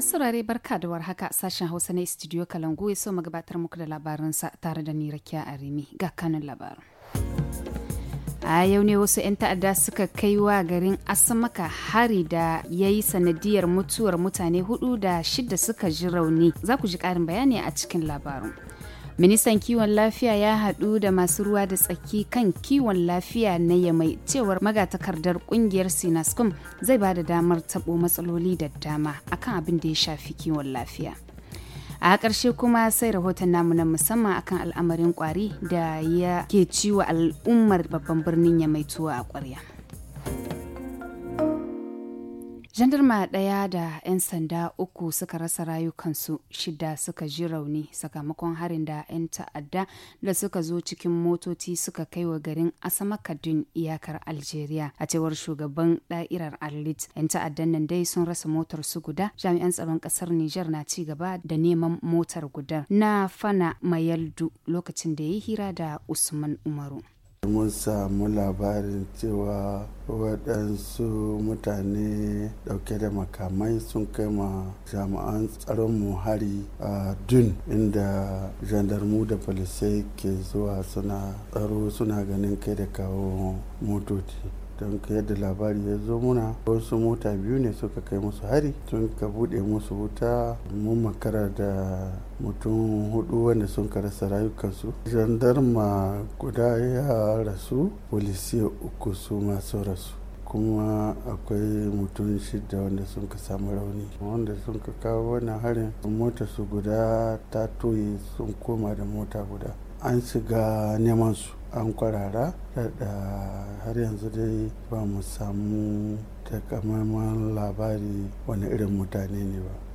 masu saurare barka da war haka sashen hausa na studio kalangu ya so magabatar muku da sa tare da ni a rimi ga kanun labarin a yau ne wasu 'yan ta'adda suka kai wa garin asamaka hari da ya yi sanadiyar mutuwar mutane hudu da shida suka ji rauni za ku ji karin bayani a cikin labarin ministan kiwon lafiya ya haɗu da masu ruwa da tsaki kan kiwon lafiya na yamai cewar magatakardar kungiyar sinascom zai ba da damar taɓo matsaloli da dama akan abin da ya shafi kiwon lafiya a ƙarshe kuma sai rahoton namu na musamman akan al'amarin kwari da ya ke ciwo al'ummar babban birnin yamaituwa a ƙwarya. jandarma ɗaya da 'yan sanda uku suka rasa rayukansu shida suka ji rauni sakamakon harin da 'yan ta'adda da suka zo cikin motoci suka kai wa garin asama kadun iyakar algeria a cewar shugaban da'irar alit 'yan ta'addan nan dai sun rasa motar su guda jami'an tsaron ƙasar Nijar na ci gaba da neman motar gudar na fana mayaldu lokacin da ya yi hira da usman umaru mun samu labarin cewa waɗansu mutane ɗauke da makamai sun kai ma jami'an mu hari a dun inda jandarmu da polisai ke zuwa suna tsaro suna ganin kai da kawo motoci don ka yadda labari ya zo muna wasu mota biyu ne suka kai musu hari sun ka buɗe musu wuta mun makara da mutum hudu wanda sun rasa rayukansu gendarma guda ya rasu polisiya uku su masu rasu kuma akwai mutum shida wanda sun ka samu rauni wanda sun ka kawo wannan harin mota su guda ta toye sun koma da mota guda an shiga neman su an kwarara da har yanzu dai ba mu samu takamaiman labari wani irin mutane ne ba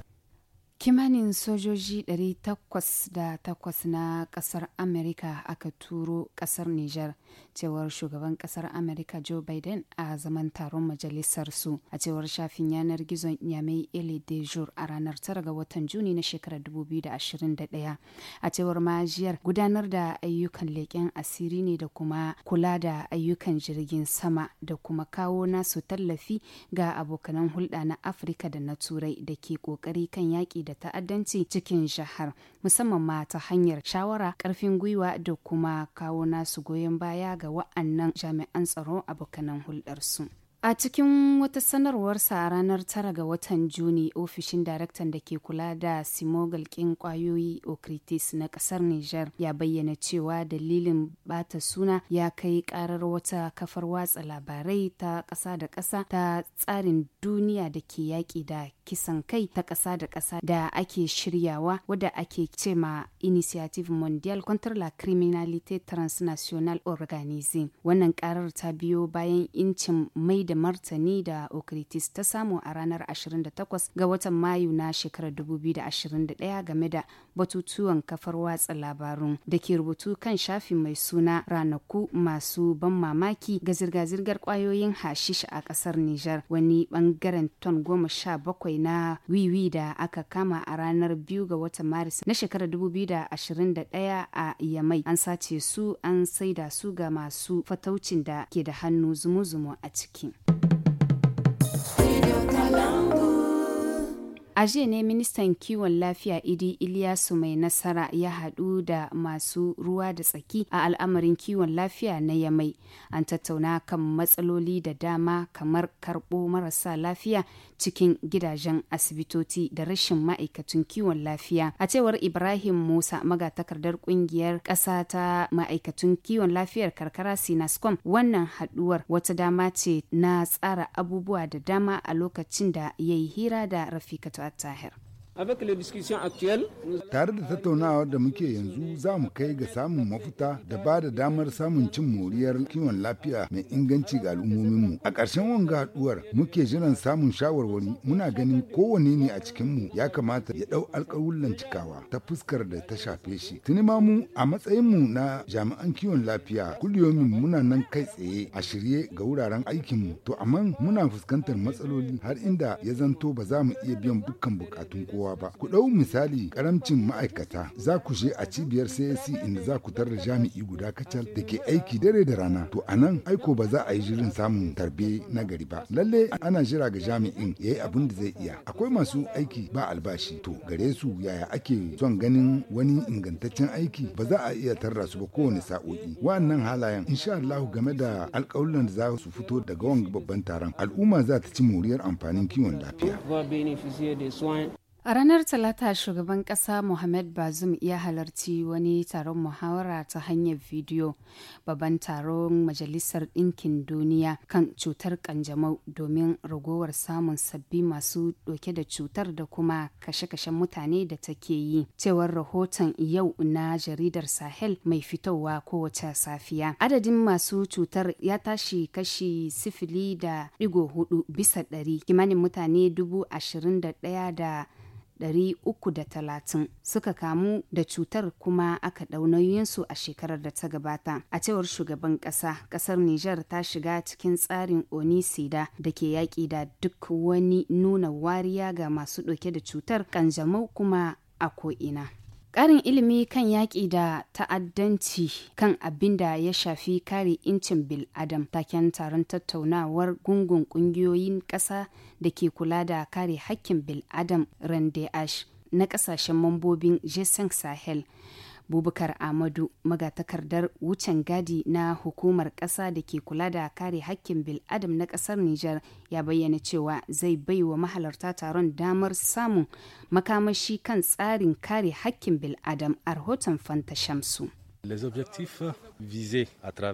kimanin sojoji 808 na kasar amerika aka turo kasar niger cewar shugaban kasar amerika joe biden a zaman taron majalisar su a cewar shafin yanar gizon yamai ele de jour a ranar 9 ga watan juni na shekarar 2021 a cewar majiyar gudanar da ayyukan leƙen asiri ne da kuma kula da ayyukan jirgin sama da kuma kawo nasu tallafi ga abokanan hulɗa na afirka da na turai da ke ƙoƙari kan yaƙi da ta'addanci cikin jihar musamman ma ta hanyar shawara karfin gwiwa da kuma kawo nasu goyon baya ga wa'annan jami'an tsaro abokanan hulɗarsu. A cikin wata sanarwarsa a ranar tara ga watan Juni, ofishin daraktan da ke kula da simogalkin kwayoyi okritis na kasar niger ya bayyana cewa dalilin bata suna ya kai karar wata kafar watsa labarai ta ƙasa da ƙasa ta tsarin duniya da ke yaƙi da kisan kai ta ƙasa da ƙasa da ake shiryawa wadda ake ce ma Initiative Mondial contre la Criminalité Transnationale Organisée. Wannan karar ta biyo bayan incin mai da martani da Okritis ta samu a ranar 28 ga watan Mayu na shekarar 2021 game da batutuwan kafar watsa labarun da ke rubutu kan shafi mai suna ranaku masu ban mamaki ga zirga-zirgar kwayoyin hashish a ƙasar niger wani bangaren ton goma sha bakwai bakwai na wiwi da aka kama a ranar biyu ga watan maris na shekarar 2021 a yamai an sace su an saida su ga masu fataucin da ke da hannu zumu-zumu a ciki. A jiya ne ministan kiwon lafiya Idi Iliyasu mai nasara ya haɗu da masu ruwa da tsaki a al'amarin kiwon lafiya na Yamai. An tattauna kan matsaloli da dama kamar karɓo marasa lafiya cikin gidajen asibitoci da rashin ma'aikatan kiwon lafiya. A cewar Ibrahim Musa magatakardar ƙungiyar ƙasa ta ma'aikatan kiwon lafiyar karkara Sinascom wannan haɗuwar wata dama ce na tsara abubuwa da dama a lokacin da ya hira da Rafikatu Zahir. Tare da tattaunawa da muke yanzu za mu kai ga samun mafuta da ba da damar samun cin moriyar kiwon lafiya mai inganci ga al'ummominmu. A ƙarshen wanga haɗuwar muke jiran samun shawarwari muna ganin kowane ne a cikinmu ya kamata ya ɗau alƙawullan cikawa ta fuskar da ta shafe shi. Tuni ma mu a matsayinmu na jami'an kiwon lafiya kuliyomin muna nan kai tsaye a shirye ga wuraren aikinmu. To amma muna fuskantar matsaloli har inda ya zanto ba za mu iya biyan dukkan bukatun kowa. kowa ba ku ɗau misali karamcin ma'aikata za ku je a cibiyar csc inda za ku tarar jami'i guda kacal da ke aiki dare da rana to a nan aiko ba za a yi jirin samun tarbe na gari ba lalle ana jira ga jami'in ya yi abin da zai iya akwai masu aiki ba albashi to gare su yaya ake son ganin wani ingantaccen aiki ba za a iya tarra su ba kowane sa'o'i wa'annan halayen insha Allah game da alƙawuran da za su fito daga wani babban taron al'umma za ta ci moriyar amfanin kiwon lafiya A ranar Talata shugaban ƙasa Mohamed Bazoum ya halarci wani taron muhawara ta hanyar bidiyo babban taron Majalisar Ɗinkin Duniya kan cutar kanjamau domin ragowar samun sabbi masu doke da cutar da kuma kashe-kashen mutane da take yi. Cewar rahoton yau na jaridar Sahel mai fitowa kowace safiya. Adadin masu cutar ya tashi kashi sifili da ɗigo hudu bisa ɗari kimanin mutane dubu ashirin da ɗaya da 330 suka kamu da cutar kuma aka ɗau nauyinsu a shekarar da ta gabata. A cewar shugaban ƙasa, ƙasar Nijar ta shiga cikin tsarin Onisida da ke yaƙi da duk wani nuna wariya ga masu ɗauke da cutar ƙanjamau kuma a ko'ina. karin ilimi kan yaƙi da ta'addanci kan abin da ya shafi kare incin bil-adam taken taron tattaunawar gungun ƙungiyoyin ƙasa da ke kula da kare hakkin bil'adam Rande Ash na ƙasashen mambobin G5 Sahel. bubakar amadu magatakardar wucin gadi na hukumar kasa da ke kula da kare hakkin bil'adam na kasar niger ya bayyana cewa zai bai wa mahalarta taron damar samun makamashi kan tsarin kare hakkin bil'adam a rahoton fanta shamsu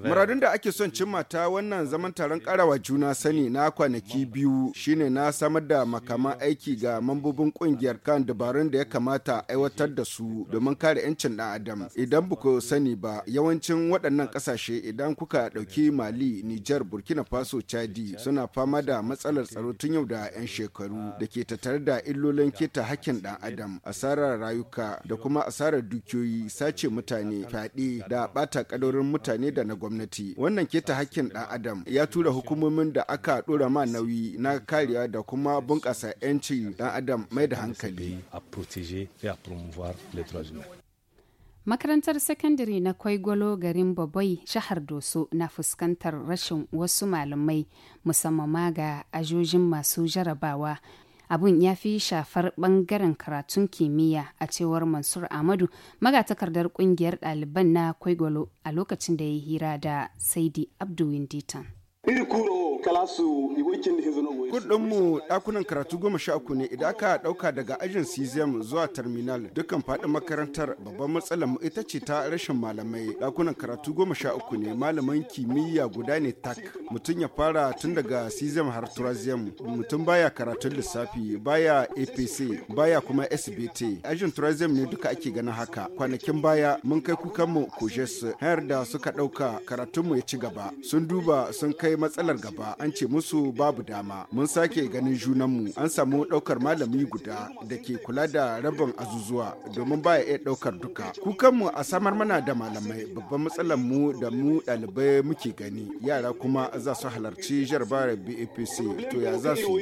Muradun da ake son cimma ta wannan zaman taron karawa juna sani na kwanaki biyu shine na samar da makaman aiki ga mambobin kungiyar kan dabarun da ya kamata aiwatar da su domin kare 'yancin ɗan adam. Idan buku sani ba yawancin waɗannan ƙasashe idan kuka ɗauki Mali, Nijar, Burkina Faso, Chadi suna fama da matsalar tsaro tun yau da 'yan shekaru da ke tattare da illolin keta hakkin ɗan adam, asarar rayuka da kuma asarar dukiyoyi, sace mutane, fyaɗe kuɗi da ɓata kalorin mutane da na gwamnati wannan keta hakkin ɗan adam ya tura hukumomin da aka ɗora ma nauyi na kariya da kuma bunƙasa 'yanci ɗan adam mai da hankali Makarantar sakandare na Kwaigwalo garin Babai jihar Doso na fuskantar rashin wasu malamai musamman ga ajojin masu jarabawa abun ya fi shafar bangaren karatun kimiyya a cewar mansur ahmadu magatakardar kungiyar ɗaliban na kwaigwalo a lokacin da ya hira da saidi abdu winditan Kudinmu ɗakunan karatu goma sha uku ne idan aka ɗauka daga ajin CZM zuwa terminal dukkan faɗin makarantar babban matsalar mu ita ce ta rashin malamai ɗakunan karatu goma sha uku ne malaman kimiyya guda ne tak mutum ya fara tun daga CZM har Turazium mutum baya karatun lissafi baya APC baya kuma SBT ajin Turazium ne duka ake ganin haka kwanakin baya mun kai kukanmu kujes har da suka ɗauka karatunmu ya ci gaba sun duba sun kai kai matsalar gaba an ce musu babu dama mun sake ganin junanmu an samu ɗaukar malami guda da ke kula da rabin azuzuwa domin baya iya ɗaukar duka kukanmu a samar mana da malamai babban matsalar mu da mu ɗalibai muke gani yara kuma za su halarci jarabar bapc to ya za su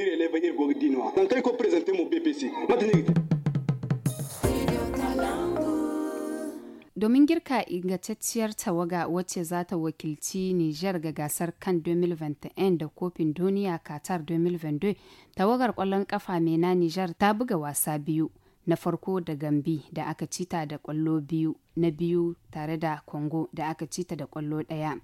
domin girka ingantacciyar tawaga wacce za ta wakilci Nijar ga gasar kan 2021 da kofin duniya Qatar 2022 tawagar kwallon kafa mai na Nijar ta buga wasa biyu na farko da gambi da aka cita da kwallo biyu na biyu tare da kongo da aka cita da kwallo daya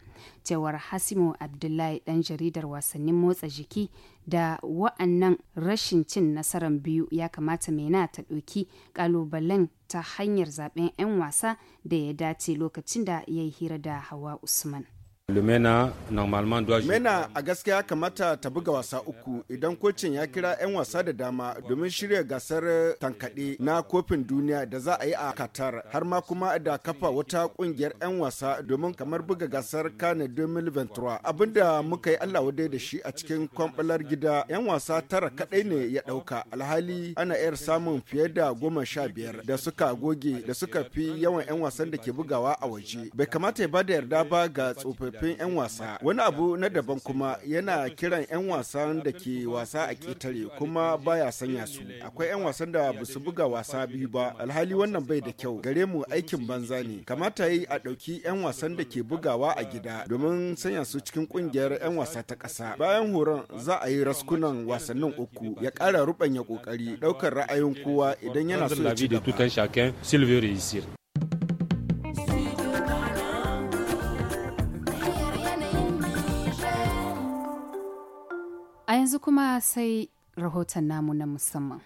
cewar hasimo abdullahi dan jaridar wasannin motsa jiki da wa'annan rashin cin nasarar biyu ya kamata mena ta ɗauki kalubalen ta hanyar zaben 'yan wasa da ya dace lokacin da ya yi hira da hawa usman Lumena normalement doit Mena a gaskiya kamata ta buga wasa uku idan kocin ya kira 'yan wasa da dama domin shirya gasar tankaɗe na kofin duniya da za a yi a Qatar har ma kuma da kafa wata kungiyar 'yan wasa domin kamar buga gasar Kane 2023 abinda muka yi Allah wadai da shi a cikin kwamfalar gida 'yan wasa tara kaɗai ne ya ɗauka alhali ana yar samun fiye da goma sha biyar da suka goge da suka fi yawan 'yan wasan da ke bugawa a waje bai kamata ya bada yarda ba ga tsofaffi tsaffin 'yan wasa wani abu na daban kuma yana kiran 'yan wasan da ke wasa a ƙetare kuma baya sanya su akwai 'yan wasan da ba su buga wasa biyu ba alhali wannan bai da kyau gare mu aikin banza ne kamata yi a ɗauki 'yan wasan da ke bugawa a gida domin sanya su cikin ƙungiyar 'yan wasa ta ƙasa bayan horon za a yi raskunan wasannin uku ya ƙara ruɓanya ƙoƙari ɗaukar ra'ayin kowa idan yana so ya ci gaba. A yanzu kuma sai rahoton namu na musamman.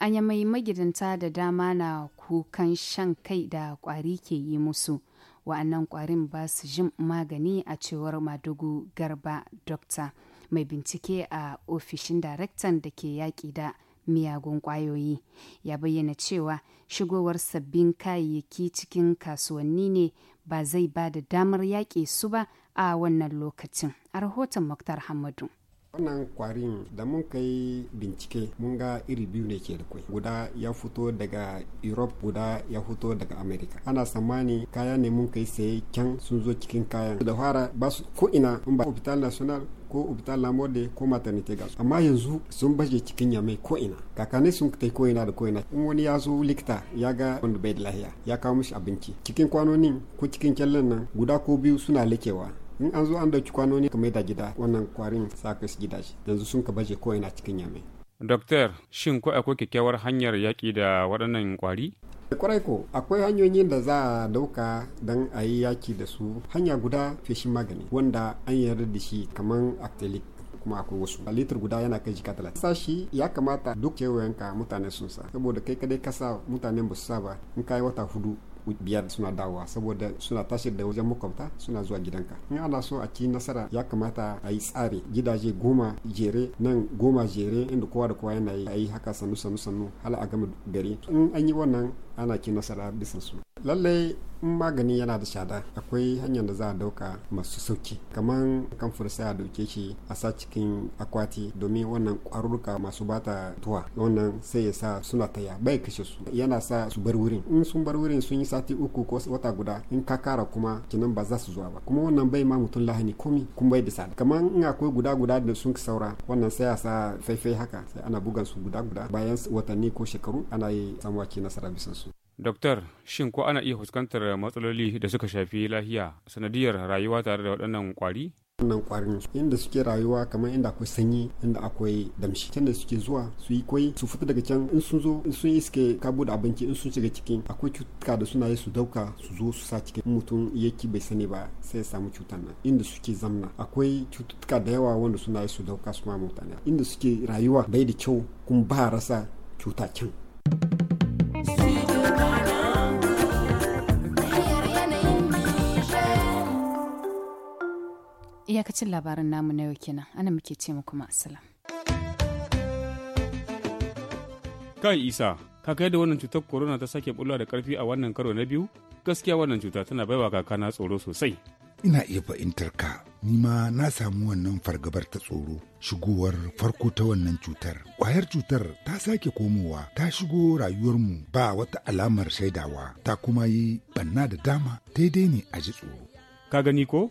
Anya mai magidanta da dama na kukan shan kai da kwari ke yi musu. Wa'annan kwarin ba su jin magani a cewar Madugu Garba Dokta mai bincike a ofishin daraktan da ke yaƙi da miyagun ƙwayoyi. Ya bayyana cewa shigowar sabbin kayayyaki cikin kasuwanni ne ba zai ba da damar yaƙe su ba a wannan lokacin. A rahoton Muktar Hamadu. wannan kwarin da mun kai bincike mun ga iri biyu ne ke da kwai guda ya fito daga europe guda ya fito daga america ana tsammani kaya ne mun kai saye can sun zo cikin kayan da fara ba su ko ina in ba hospital national ko hospital lamode ko maternity gas amma yanzu sun baje cikin yamai ko ina kakane sun kai ko ina da ko ina in wani ya zo likita ya ga wanda bai da lahiya ya kawo mishi abinci cikin kwanonin ko cikin kyallen nan guda ko biyu suna likewa in an zo an dauki kwanoni ka maida gida wannan kwarin sa ka su shi yanzu sun ka baje ko ina cikin yame. Doktor, shin ko akwai kyakkyawar hanyar yaƙi da waɗannan kwari? kwarai ko akwai hanyoyin da za a dauka don a yi yaki da su hanya guda feshin magani wanda an yarda da shi kamar actelic kuma akwai wasu a litir guda yana kai jika talatin shi ya kamata duk kewayenka mutane sun sa saboda kai kadai kasa mutanen ba su sa ba in kayi wata hudu biyar suna dawowa saboda suna tashi da wajen makwabta suna zuwa gidanka in ana so a ci nasara ya kamata a yi tsari gidaje goma jere nan goma jere inda kowa da kowa yana yi a yi haka sannu sannu sannu hala a gama gari in an yi wannan ana ki nasara bisansu lallai in magani yana da shada akwai hanyar da za a dauka masu sauki kamar kan sai a dauke shi a sa cikin akwati domin wannan kwaruruka masu bata tuwa wannan sai ya sa suna taya bai kashe su yana sa su bar wurin in sun bar wurin sun yi sati uku ko wata guda in ka kara kuma kinan ba za su zuwa ba kuma wannan bai ma mutum lahani komi kuma bai da sada kamar in akwai guda guda da sun saura wannan sai a sa faifai haka sai ana bugan su guda guda bayan watanni ko shekaru ana yi samuwa ki nasara bisansu. Doktor, shin ko ana iya fuskantar matsaloli da suka shafi lahiya sanadiyar rayuwa tare da waɗannan kwari? wannan kwarin inda suke rayuwa kamar inda akwai sanyi inda akwai damshi can da suke zuwa su yi koi su fita daga can in sun zo in sun yi suke kabo da abinci in sun shiga cikin akwai cututtuka da suna yi su dauka su zo su sa cikin mutum ki bai sani ba sai ya samu cutar nan inda suke zamna akwai cututtuka da yawa wanda suna yi su dauka su ma mutane inda suke rayuwa bai da kyau kuma ba rasa cuta can. Iyakacin labarin namu na yau kenan, ana muke ce muku ma'asalam. Kai Isa, kai da wannan cutar korona ta sake bulwa da karfi a wannan karo na biyu gaskiya wannan cuta tana baiwa kakana tsoro sosai ina iya fahimtar ka ni ma na samu wannan fargabar ta tsoro shigowar farko ta wannan cutar. Kwayar cutar ta sake komowa ta shigo rayuwarmu ba wata alamar shaidawa ta kuma yi banna da dama daidai ne a ji tsoro. Ka gani ko?